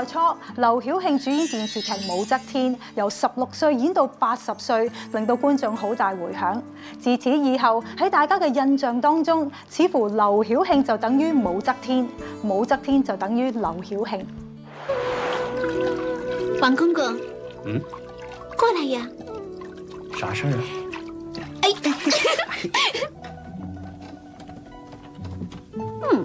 最初，劉曉慶主演電視劇《武則天》，由十六歲演到八十歲，令到觀眾好大回響。自此以後，喺大家嘅印象當中，似乎劉曉慶就等於武則天，武則天就等於劉曉慶。王公公，嗯，過來呀，啥事啊？聲哎， 嗯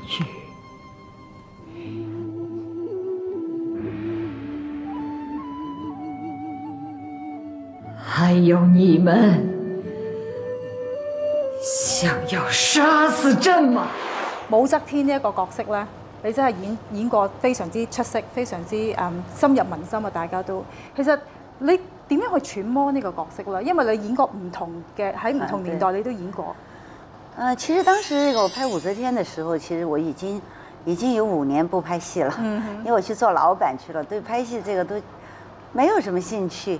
還有你們想要殺死朕嗎？武則天呢一個角色呢，你真係演演過非常之出色，非常之、嗯、深入民心啊！大家都其實你點樣去揣摩呢個角色呢？因為你演過唔同嘅喺唔同年代，你都演過。嗯呃、其實當時這個我拍武則天的時候，其實我已經已經有五年不拍戲了，嗯、哼因為我去做老闆去了，對拍戲這個都沒有什麼興趣。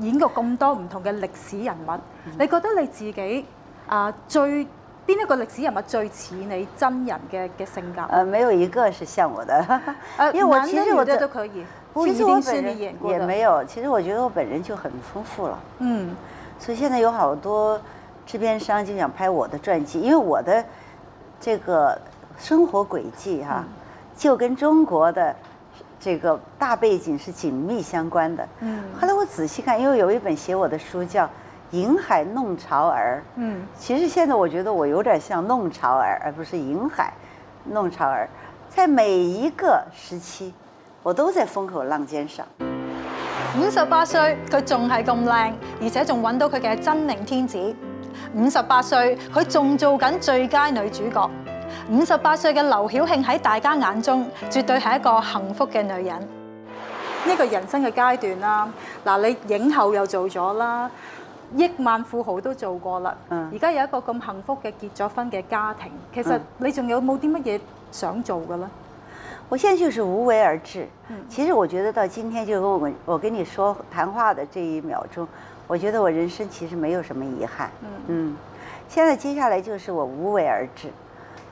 演過咁多唔同嘅歷史人物，你覺得你自己啊、呃、最邊一個歷史人物最似你真人嘅嘅性格？呃、啊、沒有一個是像我的，因為我其實我，覺、啊、得都可以，其實我本人也沒有。其實我覺得我本人就很豐富了。嗯，所以現在有好多製片商就想拍我的傳記，因為我的這個生活軌跡哈、啊，嗯、就跟中國的。這個大背景是緊密相關的。後來，嗯，我仔細看，因為有一本寫我的書叫《銀海弄潮兒》。嗯，其實現在我覺得我有點像弄潮兒，而不是銀海弄潮兒。在每一個時期，我都在風口浪尖上。五十八歲，佢仲係咁靚，而且仲揾到佢嘅真命天子。五十八歲，佢仲做緊最佳女主角。五十八歲嘅劉曉慶喺大家眼中，絕對係一個幸福嘅女人。呢、這個人生嘅階段啦，嗱你影后又做咗啦，億萬富豪都做過啦，而家、嗯、有一個咁幸福嘅結咗婚嘅家庭，其實你仲有冇啲乜嘢想做嘅呢？我現在就是無為而治。其實我覺得到今天就跟我我跟你說談話的這一秒鐘，我覺得我人生其實沒有什麼遺憾。嗯，現在接下來就是我無為而治。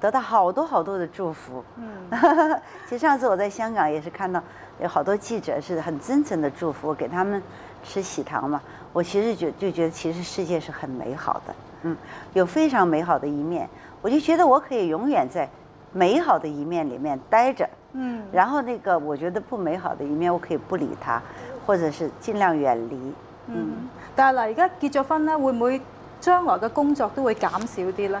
得到好多好多的祝福，嗯， 其實上次我在香港也是看到有好多記者是很真誠的祝福，給他們吃喜糖嘛。我其實覺就覺得其實世界是很美好的，嗯，有非常美好的一面。我就覺得我可以永遠在美好的一面裏面待着，嗯，然後那個我覺得不美好的一面我可以不理他，或者是盡量遠離，嗯。嗯但係啦，而家結咗婚呢，會唔會將來嘅工作都會減少啲呢？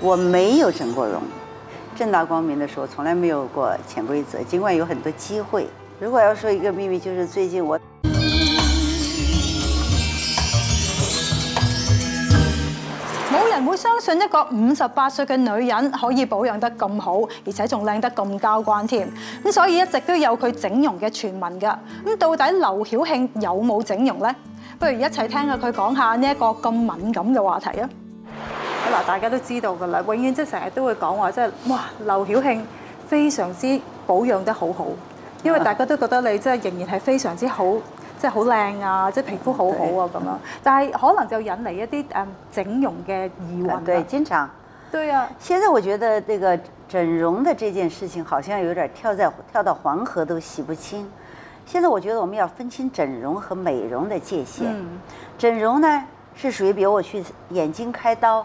我沒有整過容，正大光明的說，從來沒有過潛規則。盡管有很多機會，如果要說一個秘密，就是最近我。冇人會相信一個五十八歲嘅女人可以保養得咁好，而且仲靚得咁交關添。咁所以一直都有佢整容嘅傳聞噶。咁到底劉曉慶有冇整容呢？不如一齊聽下佢講下呢一個咁敏感嘅話題啊！大家都知道噶啦，永遠即係成日都會講話，即係哇，劉曉慶非常之保養得好好，因為大家都覺得你即係仍然係非常之好，即係好靚啊，即係皮膚好好啊咁對樣。但係可能就引嚟一啲、嗯、整容嘅疑雲。對，經常，對對呀啊。現在我覺得呢個整容的這件事情，好像有點跳在跳到黃河都洗不清。現在我覺得我們要分清整容和美容的界限。嗯、整容呢，是屬於比如我去眼睛開刀。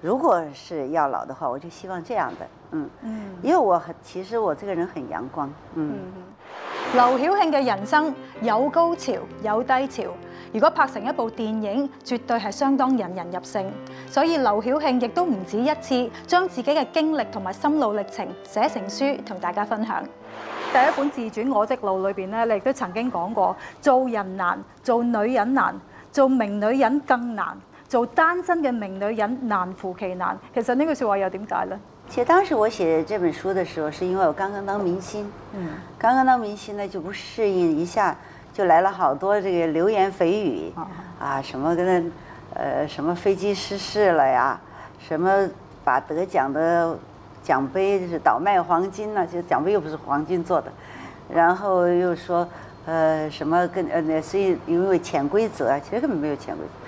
如果是要老的話，我就希望這樣的，嗯，嗯，因為我其實我這個人很陽光，嗯。嗯，劉曉慶嘅人生有高潮有低潮，如果拍成一部電影，絕對係相當引人入勝。所以劉曉慶亦都唔止一次將自己嘅經歷同埋心路歷程寫成書，同大家分享。第一本自傳《我的路》裏邊咧，你亦都曾經講過：做人難，做女人難，做名女人更難。做單身嘅名女人難乎其難，其實呢句説話又有點解呢？其實當時我寫這本書的時候，是因為我剛剛當明星，嗯，剛剛當明星呢，就不適應，一下就來了好多這個流言蜚語，啊，啊，什麼跟，呃，什麼飛機失事了呀，什麼把得獎的獎杯就是倒賣黃金啦、啊，就是獎杯又不是黃金做的，然後又說，呃，什麼跟，呃，所以有沒有潛規則，其實根本沒有潛規則。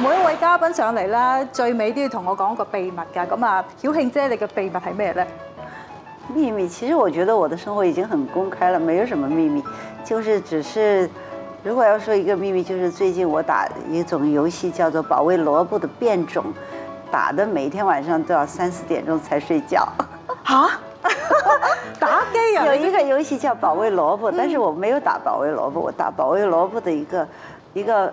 每一位嘉賓上嚟啦，最尾都要同我講個秘密㗎。咁啊，曉慶姐，你嘅秘密係咩呢？秘密其實，我覺得我的生活已經很公開了，沒有什麼秘密。就是只是，如果要說一個秘密，就是最近我打一種遊戲叫做《保衛蘿蔔》的變種，打的每天晚上都要三四點鐘才睡覺。嚇蛤！ 打機有、呀。有一個遊戲叫《保衛蘿蔔》嗯，但是我沒有打《保衛蘿蔔》，我打《保衛蘿蔔》的一個一個。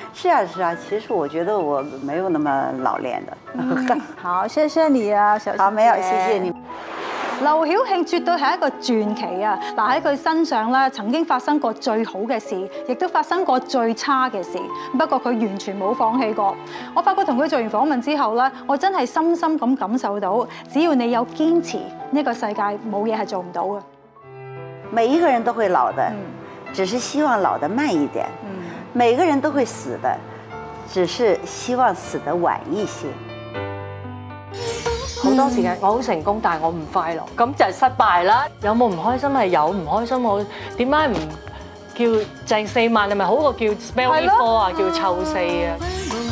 是啊是啊，其實我覺得我沒有那麼老練的。嗯、好，謝謝你啊，小，小。好，沒有，謝謝你。劉曉慶絕對係一個傳奇啊！嗱、嗯，喺佢身上咧，曾經發生過最好嘅事，亦都發生過最差嘅事。不過佢完全冇放棄過。我發覺同佢做完訪問之後咧，我真係深深咁感受到，只要你有堅持，呢、嗯、個世界冇嘢係做唔到嘅。每一個人都會老的，嗯、只是希望老得慢一點。每個人都會死的，只是希望死得晚一些。好、嗯、多時間我好成功，但係我唔快樂，咁就係失敗啦。有冇唔開心係有唔開心我點解唔叫正四萬，係咪好過叫 spell f o r 啊？叫臭四啊？